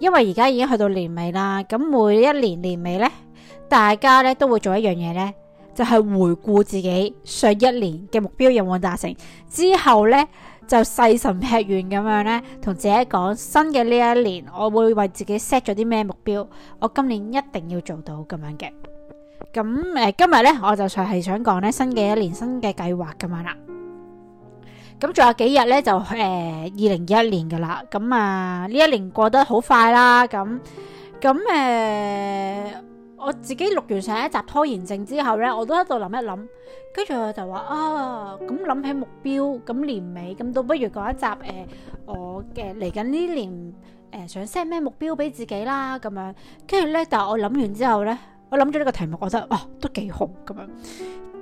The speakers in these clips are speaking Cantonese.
因為而家已經去到年尾啦，咁每一年年尾呢，大家咧都會做一樣嘢呢，就係、是、回顧自己上一年嘅目標有冇達成之後呢，就細神劈遠咁樣呢，同自己講新嘅呢一年我會為自己 set 咗啲咩目標，我今年一定要做到咁樣嘅。咁誒、呃，今日呢，我就想係想講呢新嘅一年新嘅計劃咁樣啦。咁仲、嗯、有幾日咧就誒二零二一年噶啦，咁啊呢一年過得好快啦，咁咁誒我自己錄完上一集拖延症之後咧，我都喺度諗一諗，跟住我就話啊咁諗、嗯、起目標，咁、嗯、年尾咁，倒不如講一集誒、呃、我嘅嚟緊呢年誒、呃、想 set 咩目標俾自己啦，咁樣，跟住咧但係我諗完之後咧，我諗咗呢個題目，我覺得哦都幾好咁樣。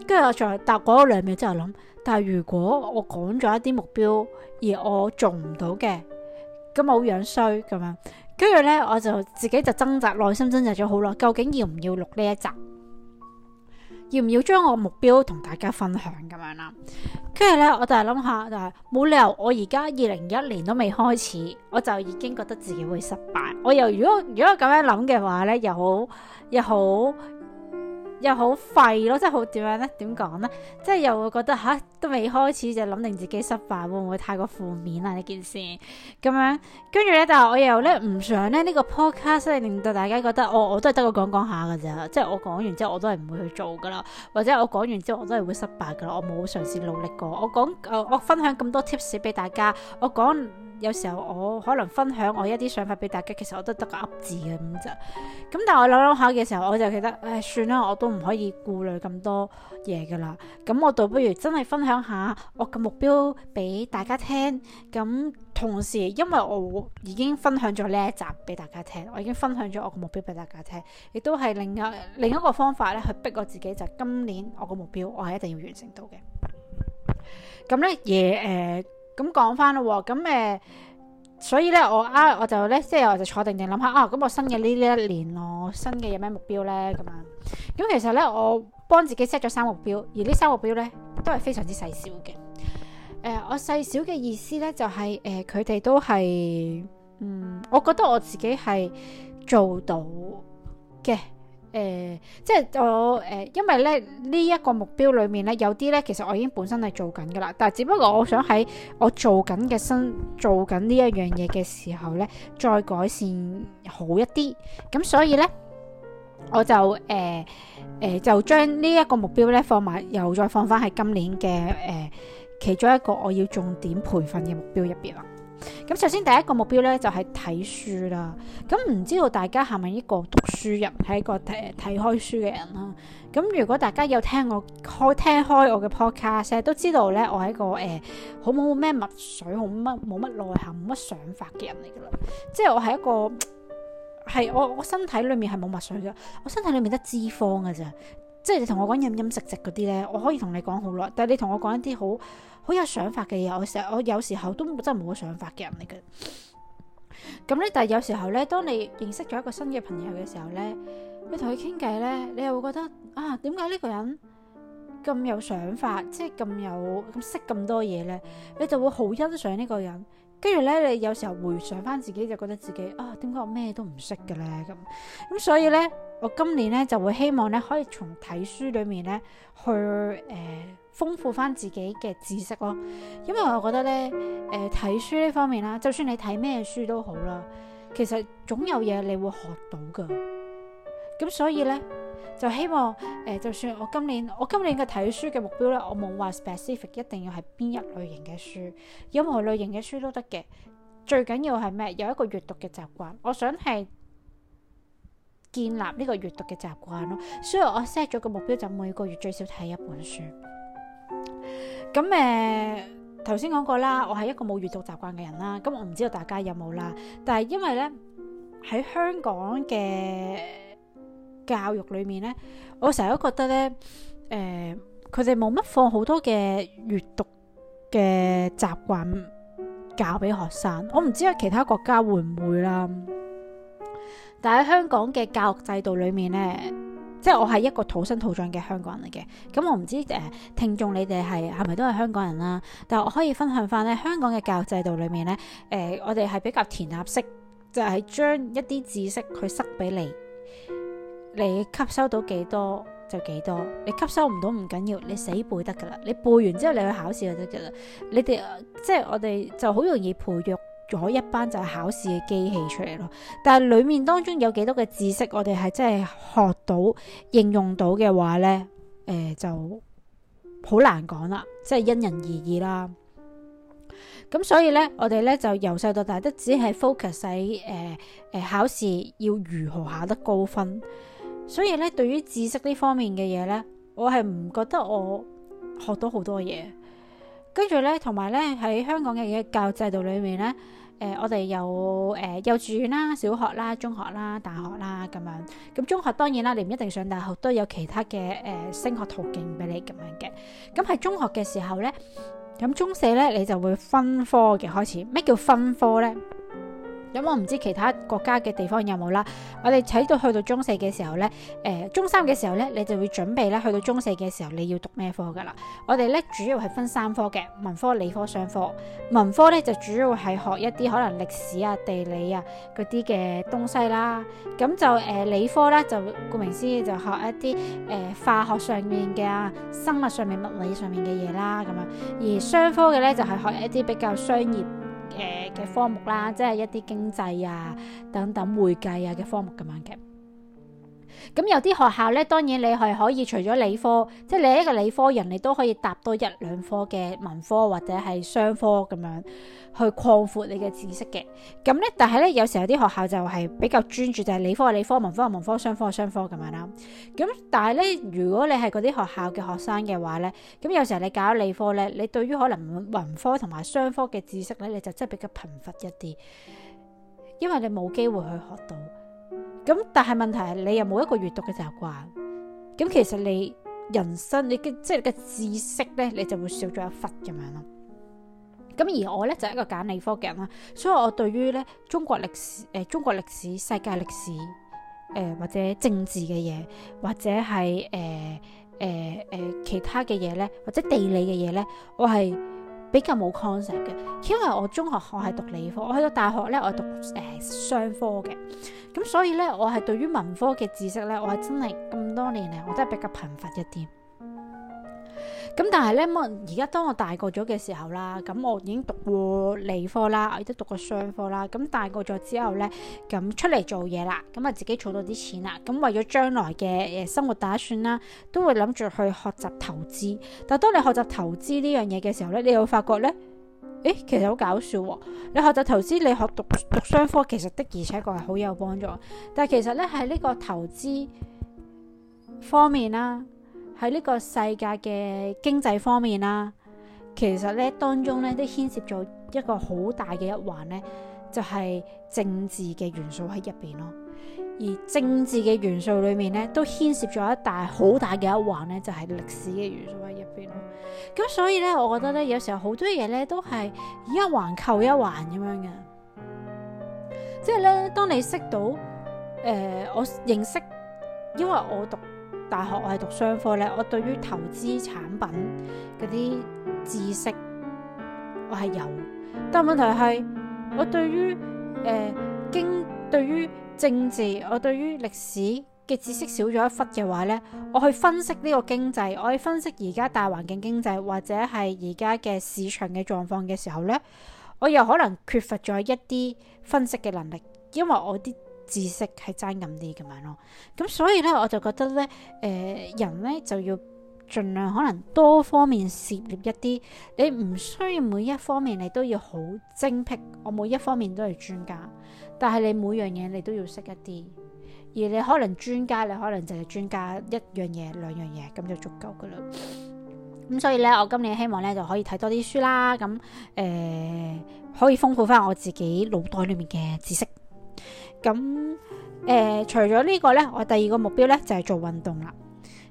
跟住我再答搭嗰兩秒之後諗，但係如果我講咗一啲目標而我做唔到嘅，咁好樣衰咁樣。跟住咧，我就自己就掙扎，內心掙扎咗好耐，究竟要唔要錄呢一集？要唔要將我目標同大家分享咁樣啦？跟住咧，我就諗下，就係冇理由我而家二零一一年都未開始，我就已經覺得自己會失敗。我又如果如果咁樣諗嘅話咧，又好又好。又好廢咯，即係好點樣咧？點講咧？即係又會覺得嚇都未開始就諗定自己失敗，會唔會太過負面啦？呢件事咁樣，跟住咧，但係我又咧唔想咧呢個 podcast 令到大家覺得我我都係得個講講下㗎咋。即係我講完之後我都係唔會去做㗎啦，或者我講完之後我都係會失敗㗎啦，我冇嘗試努力過。我講、呃、我分享咁多 tips 俾大家，我講。有時候我可能分享我一啲想法俾大家，其實我都得個噏字嘅。咁就，咁但係我諗諗下嘅時候，我就覺得，唉，算啦，我都唔可以顧慮咁多嘢噶啦，咁我倒不如真係分享下我嘅目標俾大家聽，咁同時，因為我已經分享咗呢一集俾大家聽，我已經分享咗我嘅目標俾大家聽，亦都係另一另一個方法咧，去逼我自己就今年我嘅目標，我係一定要完成到嘅，咁咧，嘢。誒、呃。咁講翻咯喎，咁誒，所以咧我啊，我就咧即係我就坐定定諗下啊，咁我新嘅呢呢一年咯，新嘅有咩目標咧咁樣？咁其實咧我幫自己 set 咗三個目標，而呢三個目標咧都係非常之細小嘅。誒、呃，我細小嘅意思咧就係、是、誒，佢、呃、哋都係嗯，我覺得我自己係做到嘅。誒、呃，即係我誒、呃，因為咧呢一個、這個目標裏面咧有啲咧，其實我已經本身係做緊噶啦，但係只不過我想喺我做緊嘅新做緊呢一樣嘢嘅時候咧，再改善好一啲，咁所以咧我就誒誒、呃呃、就將呢一個目標咧放埋又再放翻喺今年嘅誒、呃、其中一個我要重點培訓嘅目標入邊啦。咁首先第一個目標咧就係、是、睇書啦，咁唔知道大家係咪呢個讀書人，係一個誒睇、呃、開書嘅人啦？咁如果大家有聽我開聽開我嘅 podcast，都知道咧我係一個誒好冇咩墨水，好乜冇乜內涵，冇乜想法嘅人嚟噶啦，即係我係一個係我我身體裏面係冇墨水噶，我身體裏面得脂肪噶咋，即係你同我講飲飲食食嗰啲咧，我可以同你講好耐，但係你同我講一啲好。好有想法嘅嘢，我成日我有時候都真係冇個想法嘅人嚟嘅。咁咧， 但係有時候咧，當你認識咗一個新嘅朋友嘅時候咧，你同佢傾偈咧，你又會覺得啊，點解呢個人咁有想法，即係咁有咁識咁多嘢咧？你就會好欣賞呢個人。跟住咧，你有時候回想翻自己，就覺得自己啊，點解我咩都唔識嘅咧？咁咁，所以咧，我今年咧就會希望咧，可以從睇書裏面咧去誒。呃豐富翻自己嘅知識咯，因為我覺得咧，誒、呃、睇書呢方面啦，就算你睇咩書都好啦，其實總有嘢你會學到噶。咁所以咧，就希望誒、呃，就算我今年我今年嘅睇書嘅目標咧，我冇話 specific 一定要係邊一類型嘅書，任何類型嘅書都得嘅。最緊要係咩？有一個閱讀嘅習慣，我想係建立呢個閱讀嘅習慣咯。所以我 set 咗個目標，就每個月最少睇一本書。咁誒，頭先講過啦，我係一個冇閲讀習慣嘅人啦。咁我唔知道大家有冇啦。但係因為咧，喺香港嘅教育裏面咧，我成日都覺得咧，誒、呃，佢哋冇乜放好多嘅閲讀嘅習慣教俾學生。我唔知喺其他國家會唔會啦。但係喺香港嘅教育制度裏面咧。即係我係一個土生土長嘅香港人嚟嘅，咁我唔知誒、呃、聽眾你哋係係咪都係香港人啦？但係我可以分享翻咧，香港嘅教育制度裏面咧，誒、呃、我哋係比較填鴨式，就係、是、將一啲知識佢塞俾你，你吸收到幾多就幾多，你吸收唔到唔緊要，你死背得噶啦。你背完之後你去考試就得噶啦。你哋即係我哋就好容易培育。咗一班就係考試嘅機器出嚟咯，但係裏面當中有幾多嘅知識我哋係真係學到應用到嘅話呢，誒、呃、就好難講啦，即係因人而異啦。咁所以呢，我哋呢就由細到大都只係 focus 喺誒、呃、考試要如何考得高分，所以呢，對於知識呢方面嘅嘢呢，我係唔覺得我學到好多嘢，跟住呢，同埋呢，喺香港嘅教育制度裏面呢。誒、呃，我哋有誒、呃，幼稚園啦、小學啦、中學啦、大學啦咁樣。咁中學當然啦，你唔一定上大學，都有其他嘅誒、呃、升學途徑俾你咁樣嘅。咁喺中學嘅時候呢，咁中四呢，你就會分科嘅開始。咩叫分科呢？咁、嗯、我唔知其他國家嘅地方有冇啦。我哋睇到去到中四嘅時候呢，誒、呃、中三嘅時候呢，你就會準備咧去到中四嘅時候你要讀咩科噶啦。我哋呢主要係分三科嘅，文科、理科、商科。文科呢就主要係學一啲可能歷史啊、地理啊嗰啲嘅東西啦。咁就誒、呃、理科呢，就顧名思義就學一啲誒、呃、化學上面嘅啊、生物上面、物理上面嘅嘢啦咁樣。而商科嘅呢，就係、是、學一啲比較商業嘅嘅科目啦，即係一啲經濟啊等等，會計啊嘅科目咁樣嘅。咁有啲學校咧，當然你係可以除咗理科，即係你一個理科人，你都可以搭多一兩科嘅文科或者係商科咁樣去擴闊你嘅知識嘅。咁咧，但係咧，有時候有啲學校就係比較專注，就係理科係理科，文科係文科，商科係商科咁樣啦。咁但係咧，如果你係嗰啲學校嘅學生嘅話咧，咁有時候你搞理科咧，你對於可能文科同埋商科嘅知識咧，你就真係比較貧乏，乏一啲，因為你冇機會去學到。咁但係問題係你又冇一個閱讀嘅習慣，咁其實你人生你嘅即係你嘅知識咧，你就會少咗一忽咁樣咯。咁而我咧就係、是、一個揀理科嘅人啦，所以我對於咧中國歷史、誒、呃、中國歷史、世界歷史、誒、呃、或者政治嘅嘢，或者係誒誒誒其他嘅嘢咧，或者地理嘅嘢咧，我係比較冇 concept 嘅，因為我中學我係讀理科，我去到大學咧，我係讀誒、呃、雙科嘅，咁所以咧，我係對於文科嘅知識咧，我係真係咁多年嚟，我都係比較貧乏一啲。咁但係咧，而家當我大個咗嘅時候啦，咁我已經讀過理科啦，亦都讀過商科啦。咁大個咗之後咧，咁出嚟做嘢啦，咁啊自己儲到啲錢啦，咁為咗將來嘅誒生活打算啦，都會諗住去學習投資。但係當你學習投資呢樣嘢嘅時候咧，你會發覺咧，誒其實好搞笑哦。你學習投資，你學讀讀商科，其實的而且確係好有幫助。但係其實咧，喺呢個投資方面啦。喺呢個世界嘅經濟方面啦，其實咧當中咧都牽涉咗一個好大嘅一環咧，就係政治嘅元素喺入邊咯。而政治嘅元素裏面咧，都牽涉咗一大好大嘅一環咧，就係歷史嘅元素喺入邊咯。咁所以咧，我覺得咧，有時候好多嘢咧都係一環扣一環咁樣嘅。即係咧，當你識到誒，我認識，因為我讀。大學我係讀商科呢，我對於投資產品嗰啲知識我係有，但問題係我對於誒、呃、經對於政治，我對於歷史嘅知識少咗一忽嘅話呢，我去分析呢個經濟，我去分析而家大環境經濟或者係而家嘅市場嘅狀況嘅時候呢，我又可能缺乏咗一啲分析嘅能力，因為我啲。知識係爭咁啲咁樣咯，咁所以咧我就覺得咧，誒、呃、人咧就要盡量可能多方面涉獵一啲。你唔需要每一方面你都要好精辟，我每一方面都係專家，但係你每樣嘢，你都要識一啲，而你可能專家，你可能就係專家一樣嘢，兩樣嘢咁就足夠噶啦。咁所以咧，我今年希望咧就可以睇多啲書啦，咁誒、呃、可以豐富翻我自己腦袋裏面嘅知識。咁誒、呃，除咗呢個咧，我第二個目標咧就係、是、做運動啦。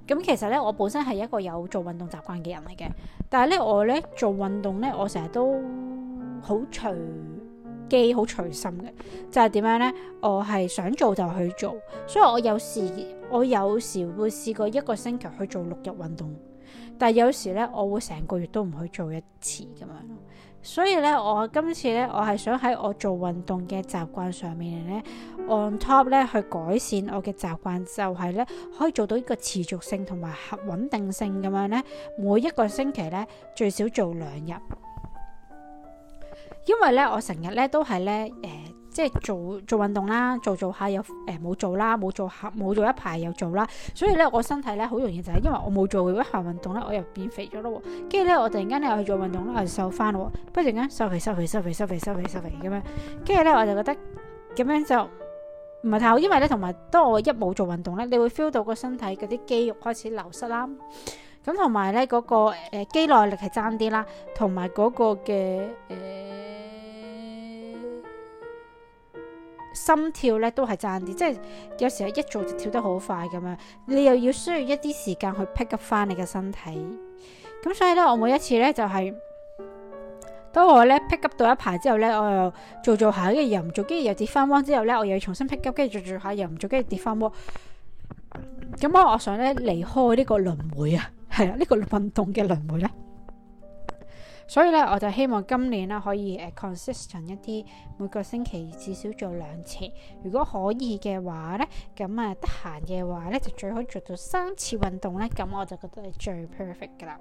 咁其實咧，我本身係一個有做運動習慣嘅人嚟嘅，但係咧我咧做運動咧，我成日都好隨機、好隨心嘅，就係、是、點樣咧？我係想做就去做，所以我有時我有時會試過一個星期去做六日運動，但係有時咧，我會成個月都唔去做一次咁樣。所以咧，我今次咧，我係想喺我做運動嘅習慣上面咧，on top 咧去改善我嘅習慣，就係咧可以做到呢個持續性同埋穩定性咁樣咧，每一個星期咧最少做兩日，因為咧我成日咧都係咧誒。呃即係做做運動啦，做做下又誒冇做啦，冇做下冇做一排又做啦，所以咧我身體咧好容易就係因為我冇做屈行運動咧，我又變肥咗咯，跟住咧我突然間咧又去做運動啦，又瘦翻咯，不陣間瘦肥瘦肥瘦肥瘦肥瘦肥咁樣，跟住咧我就覺得咁樣就唔係太好，因為咧同埋當我一冇做運動咧，你會 feel 到個身體嗰啲肌肉開始流失啦，咁同埋咧嗰個誒肌耐力係差啲啦，同埋嗰個嘅誒。心跳咧都係爭啲，即係有時咧一做就跳得好快咁樣，你又要需要一啲時間去 pick up 翻你嘅身體。咁所以咧，我每一次咧就係、是、當我咧 pick up 到一排之後咧，我又做又做下，跟住又唔做，跟住又跌翻彎之後咧，我又要重新 pick up，跟住做做下又唔做，嗯，跟住跌翻彎。咁，嗯、啊，我想咧離開呢個輪迴啊，係、sí, 啊，呢個運動嘅輪迴咧。所以咧，我就希望今年咧可以誒、uh, consistent 一啲，每個星期至少做兩次。如果可以嘅話咧，咁啊得閒嘅話咧，就最好做到三次運動咧。咁我就覺得係最 perfect 噶啦。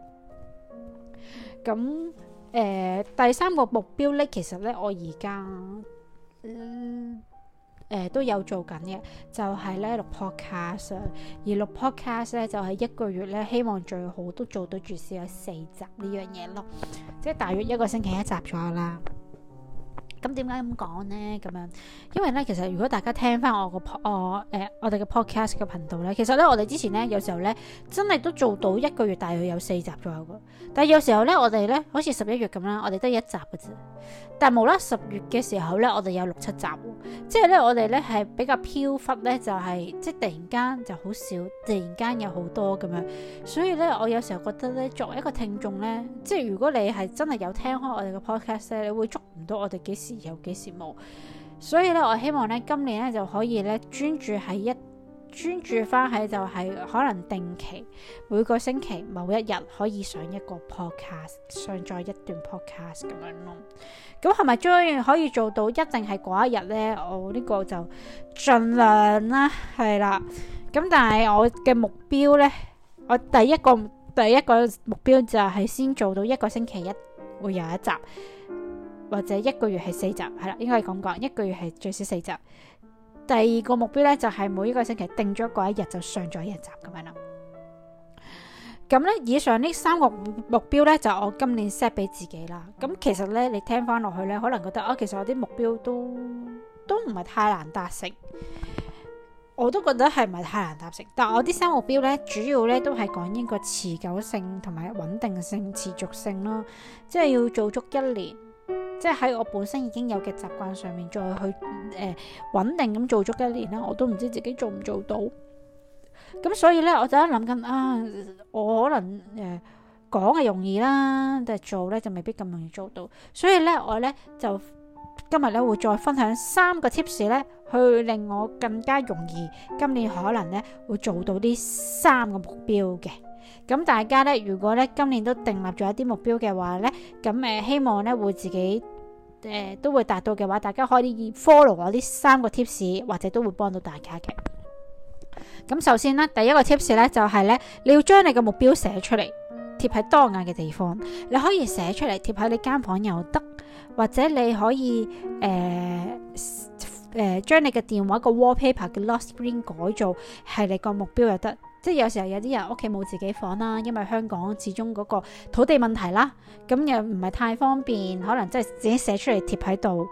咁誒、呃、第三個目標咧，其實咧我而家。嗯誒、呃、都有做緊嘅，就係咧錄 podcast，而錄 podcast 咧就係、是、一個月咧，希望最好都做到最少有四集呢樣嘢咯，即係大約一個星期一集左右啦。咁點解咁講呢？咁樣，因為咧，其實如果大家聽翻我個 p 我哋嘅、呃、podcast 嘅頻道咧，其實咧我哋之前咧有時候咧真係都做到一個月大約有四集左右嘅，但係有時候咧我哋咧好似十一月咁啦，我哋得一,一集嘅啫。但係無啦，十月嘅時候咧，我哋有六七集喎。即係咧，我哋咧係比較飄忽咧，就係、是、即係突然間就好少，突然間有好多咁樣。所以咧，我有時候覺得咧，作為一個聽眾咧，即係如果你係真係有聽開我哋嘅 podcast 咧，你會捉唔到我哋幾時。有幾羨慕，所以咧，我希望咧，今年咧就可以咧專注喺一，專注翻喺就係可能定期每個星期某一日可以上一個 podcast 上載一段 podcast 咁樣咯。咁係咪終於可以做到，一定係嗰一日呢？我呢個就盡量啦，係啦。咁但係我嘅目標呢，我第一個第一個目標就係先做到一個星期一會有一集。或者一個月係四集，係啦，應該係咁講。一個月係最少四集。第二個目標咧，就係每一個星期定咗嗰一日就上咗一集咁樣啦。咁咧，以上呢三個目標咧，就我今年 set 俾自己啦。咁其實咧，你聽翻落去咧，可能覺得啊，其實我啲目標都都唔係太難達成，我都覺得係唔係太難達成。但係我啲三個目標咧，主要咧都係講一個持久性同埋穩定性、持續性咯，即係要做足一年。即係喺我本身已經有嘅習慣上面再去誒、呃、穩定咁做足一年啦，我都唔知自己做唔做到。咁所以呢，我就一諗緊啊，我可能誒、呃、講係容易啦，但係做呢就未必咁容易做到。所以呢，我呢就今日呢會再分享三個 tips 呢，去令我更加容易今年可能呢會做到呢三個目標嘅。咁大家咧，如果咧今年都訂立咗一啲目標嘅話咧，咁誒、呃、希望咧會自己誒、呃、都會達到嘅話，大家可以 follow 我呢三個 tips，或者都會幫到大家嘅。咁首先呢，第一個 tips 咧就係、是、咧，你要將你嘅目標寫出嚟，貼喺當眼嘅地方。你可以寫出嚟貼喺你間房又得，或者你可以誒誒、呃呃、將你嘅電話個 wallpaper 嘅 lock screen 改造係你個目標又得。即係有時候有啲人屋企冇自己房啦，因為香港始終嗰個土地問題啦，咁又唔係太方便，可能即係自己寫出嚟貼喺度，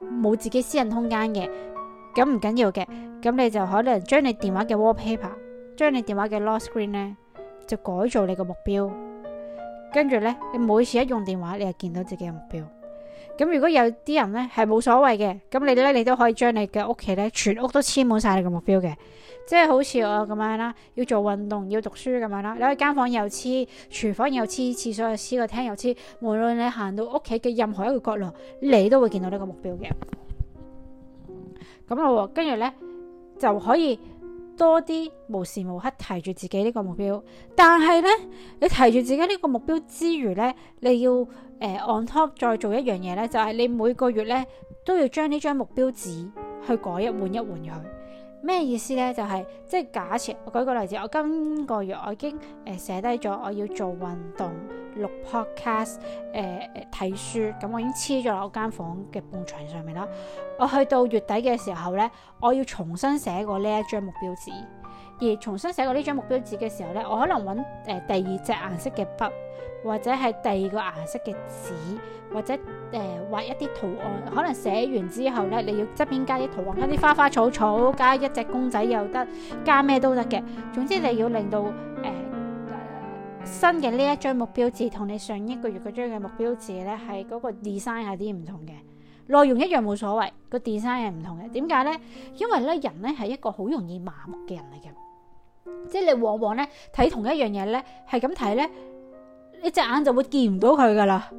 冇自己私人空間嘅，咁唔緊要嘅，咁你就可能將你電話嘅 wallpaper，將你電話嘅 lock screen 呢，就改做你個目標，跟住呢，你每次一用電話，你就見到自己嘅目標。咁如果有啲人咧係冇所謂嘅，咁你咧你都可以將你嘅屋企咧全屋都黐滿晒你嘅目標嘅，即係好似我咁樣啦，要做運動、要讀書咁樣啦，你喺間房又黐，廚房又黐，廁所又黐，個廳又黐，無論你行到屋企嘅任何一個角落，你都會見到呢個目標嘅。咁咯、 嗯，跟住咧就可以多啲無時無刻提住自己呢個目標。但係咧，你提住自己呢個目標之餘咧，你要。誒、uh, on top 再做一樣嘢咧，就係、是、你每個月咧都要將呢張目標紙去改一換一換佢，咩意思咧？就係、是、即係假設我舉個例子，我今個月我已經誒寫低咗我要做運動錄 podcast 誒、呃、睇書咁，我已經黐咗落我間房嘅半牆上面啦。我去到月底嘅時候咧，我要重新寫過呢一張目標紙。而重新寫過呢張目標紙嘅時候呢我可能揾誒、呃、第二隻顏色嘅筆，或者係第二個顏色嘅紙，或者誒畫、呃、一啲圖案。可能寫完之後呢你要側邊加啲圖案，加啲花花草草，加一隻公仔又得，加咩都得嘅。總之你要令到誒、呃、新嘅呢一張目標紙同你上一個月嗰張嘅目標紙呢，係嗰個 design 有啲唔同嘅。內容一樣冇所謂，個 design 係唔同嘅。點解呢？因為咧人咧係一個好容易麻木嘅人嚟嘅，即係你往往咧睇同一樣嘢咧係咁睇咧，你隻眼就會見唔到佢噶啦，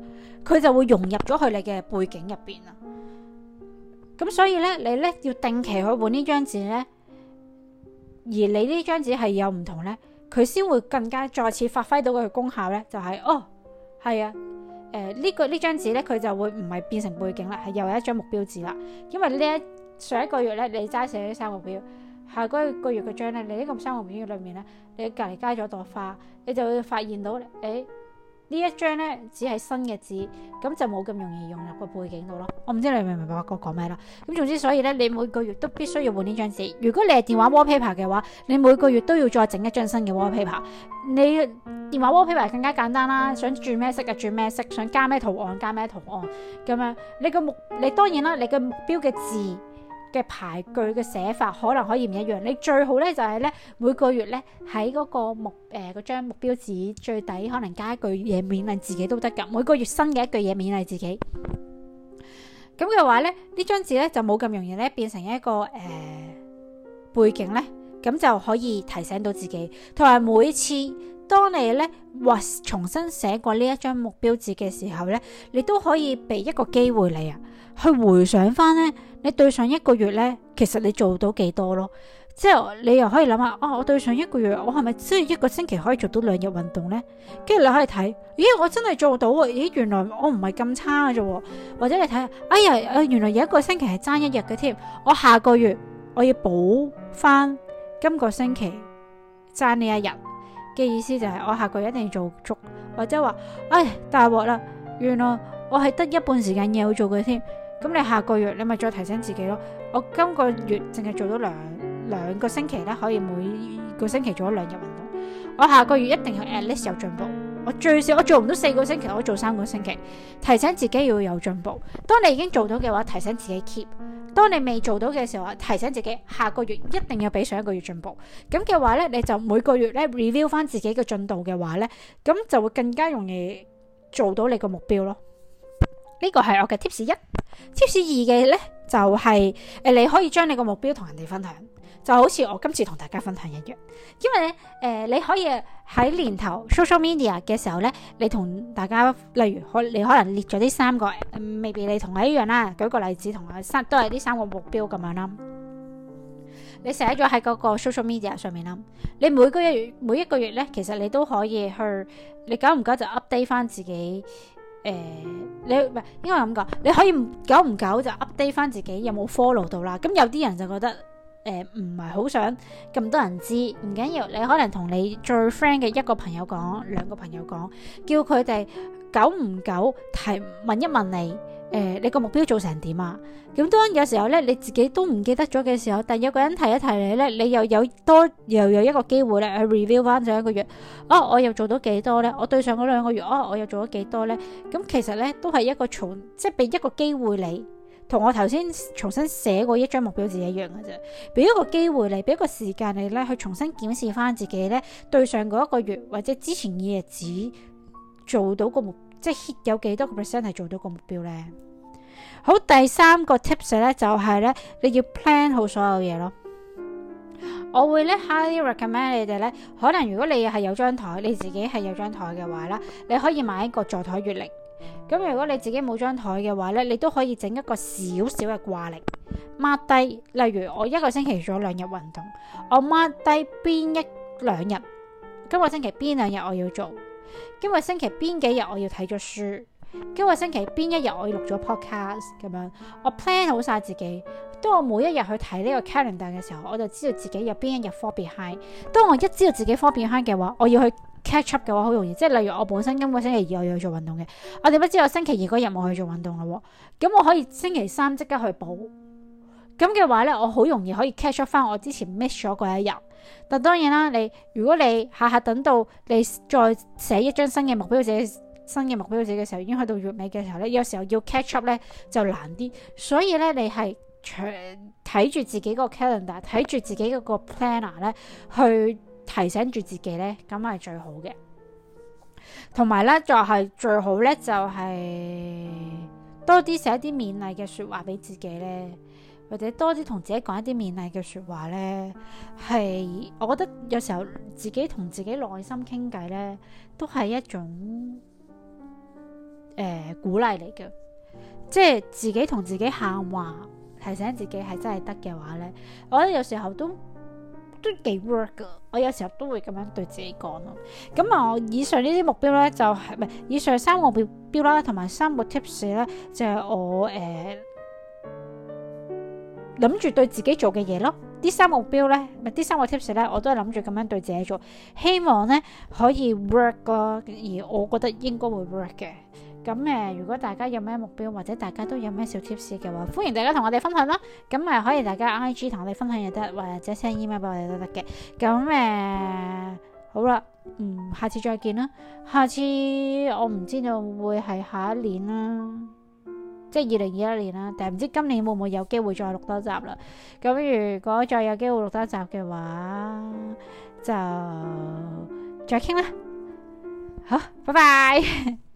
佢就會融入咗去你嘅背景入邊啦。咁所以咧，你咧要定期去換呢張紙咧，而你呢張紙係有唔同咧，佢先會更加再次發揮到佢功效咧，就係、是、哦，係啊。誒、呃這個、呢個呢張紙咧，佢就會唔係變成背景啦，係又係一張目標紙啦。因為呢一上一個月咧，你齋寫啲三個目標，下一個月個月嘅張咧，你呢個三個目標裏面咧，你隔離加咗朵花，你就會發現到誒。誒呢一張咧只係新嘅字，咁就冇咁容易融入個背景度咯。我唔知你明唔明白我講咩啦。咁總之，所以咧你每個月都必須要換呢張紙。如果你係電話 wall paper 嘅話，你每個月都要再整一張新嘅 wall paper。你電話 wall paper 更加簡單啦，想轉咩色就轉咩色，想加咩圖案加咩圖案咁樣。你個目，你當然啦，你嘅目標嘅字。嘅排句嘅寫法可能可以唔一樣，你最好咧就係、是、咧每個月咧喺嗰個目誒嗰、呃、張目標紙最底可能加一句嘢，勉勵自己都得㗎，每個月新嘅一句嘢勉勵自己，咁嘅話咧呢張紙咧就冇咁容易咧變成一個誒、呃、背景咧，咁就可以提醒到自己，同埋每次。當你咧或重新寫過呢一張目標紙嘅時候咧，你都可以俾一個機會你啊，去回想翻咧。你對上一個月咧，其實你做到幾多咯？之後你又可以諗下，哦、啊，我對上一個月，我係咪即係一個星期可以做到兩日運動咧？跟住你可以睇咦，我真係做到喎！咦，原來我唔係咁差嘅啫。或者你睇下，哎呀、啊，原來有一個星期係爭一日嘅添。我下個月我要補翻今個星期爭呢一日。嘅意思就係我下個月一定要做足，或者話唉，大鑊啦，原來我係得一半時間嘢好做嘅添。咁你下個月你咪再提醒自己咯。我今個月淨係做到兩兩個星期咧，可以每個星期做兩日運動。我下個月一定要 at least 有進步。我最少我做唔到四個星期，我做三個星期，提醒自己要有進步。當你已經做到嘅話，提醒自己 keep。當你未做到嘅時候，提醒自己下個月一定要比上一個月進步。咁嘅話呢，你就每個月呢 review 翻自己嘅進度嘅話呢，咁就會更加容易做到你個目標咯。呢個係我嘅 tips 一，tips 二嘅呢，就係誒，你可以將你個目標同人哋分享。就好似我今次同大家分享一樣，因為咧誒、呃，你可以喺年頭 social media 嘅時候咧，你同大家例如可你可能列咗呢三個、呃、未必你同我一樣啦。舉個例子，同我三都係呢三個目標咁樣啦。你寫咗喺嗰個 social media 上面啦。你每個月每一個月咧，其實你都可以去，你久唔久就 update 翻自己誒、呃，你唔係應該咁講，你可以久唔久就 update 翻自己有冇 follow 到啦。咁有啲人就覺得。誒，唔係好想咁多人知，唔緊要。你可能同你最 friend 嘅一個朋友講，兩個朋友講，叫佢哋久唔久提問一問你，誒、呃，你個目標做成點啊？咁當然有時候咧，你自己都唔記得咗嘅時候，但有個人提一提你咧，你又有多又有一個機會咧去 review 翻上一個月，哦，我又做到幾多咧？我對上嗰兩個月，哦，我又做咗幾多咧？咁其實咧都係一個重，即係俾一個機會你。同我頭先重新寫過一張目標字一樣嘅啫，俾一個機會你，俾一個時間你咧去重新檢視翻自己咧，對上嗰一個月或者之前嘅日子做到個目，即係有幾多個 percent 係做到個目標咧？好，第三個 tips 咧就係、是、咧你要 plan 好所有嘢咯。我會咧 highly recommend 你哋咧，可能如果你係有張台，你自己係有張台嘅話咧，你可以買一個座台月曆。咁如果你自己冇張台嘅話呢，你都可以整一個小小嘅掛曆 mark 低，例如我一個星期做兩日運動，我 mark 低邊一兩日，今個星期邊兩日我要做，今個星期邊幾日我要睇咗書，今個星期邊一日我要錄咗 podcast 咁樣，我 plan 好晒自己，當我每一日去睇呢個 calendar 嘅時候，我就知道自己有邊一日 fall behind，當我一知道自己 fall behind 嘅話，我要去。catch up 嘅話好容易，即係例如我本身今個星期二我要做運動嘅，我點、啊、不知我星期二嗰日冇去做運動啦喎，咁我可以星期三即刻去補，咁嘅話咧，我好容易可以 catch up 翻我之前 miss 咗嗰一日。但當然啦，你如果你下下等到你再寫一張新嘅目標寫新嘅目標寫嘅時候，已經去到月尾嘅時候咧，有時候要 catch up 咧就難啲，所以咧你係長睇住自己個 calendar，睇住自己嗰個 planner 咧去。提醒住自己咧，咁係最好嘅。同埋咧，就係最好咧，就係多啲寫啲勉勵嘅說話俾自己咧，或者多啲同自己講一啲勉勵嘅說話咧，係，我覺得有時候自己同自己內心傾偈咧，都係一種誒、呃、鼓勵嚟嘅，即係自己同自己喊話，提醒自己係真係得嘅話咧，我覺得有時候都。都幾 work 噶，我有時候都會咁樣對自己講咯。咁啊、我，以上呢啲目，目標咧就係唔係，以上三個目標啦，同埋三個 tips 咧就係、是、我誒諗住對自己做嘅嘢咯。呢三個目，目標咧，咪？呢三個 tips 咧，我都係諗住咁樣對自己做，希望咧可以 work 咯。而我覺得應該會 work 嘅。咁誒，如果大家有咩目標，或者大家都有咩小貼士嘅話，歡迎大家同我哋分享啦。咁誒，可以大家 IG 同我哋分享又得，或者 send email 俾我哋都得嘅。咁誒，好啦，嗯，下次再見啦。下次我唔知道會係下一年啦，即係二零二一年啦。但係唔知今年會唔會有機會再錄多集啦。咁如果再有機會錄多集嘅話，就再傾啦。好，拜拜。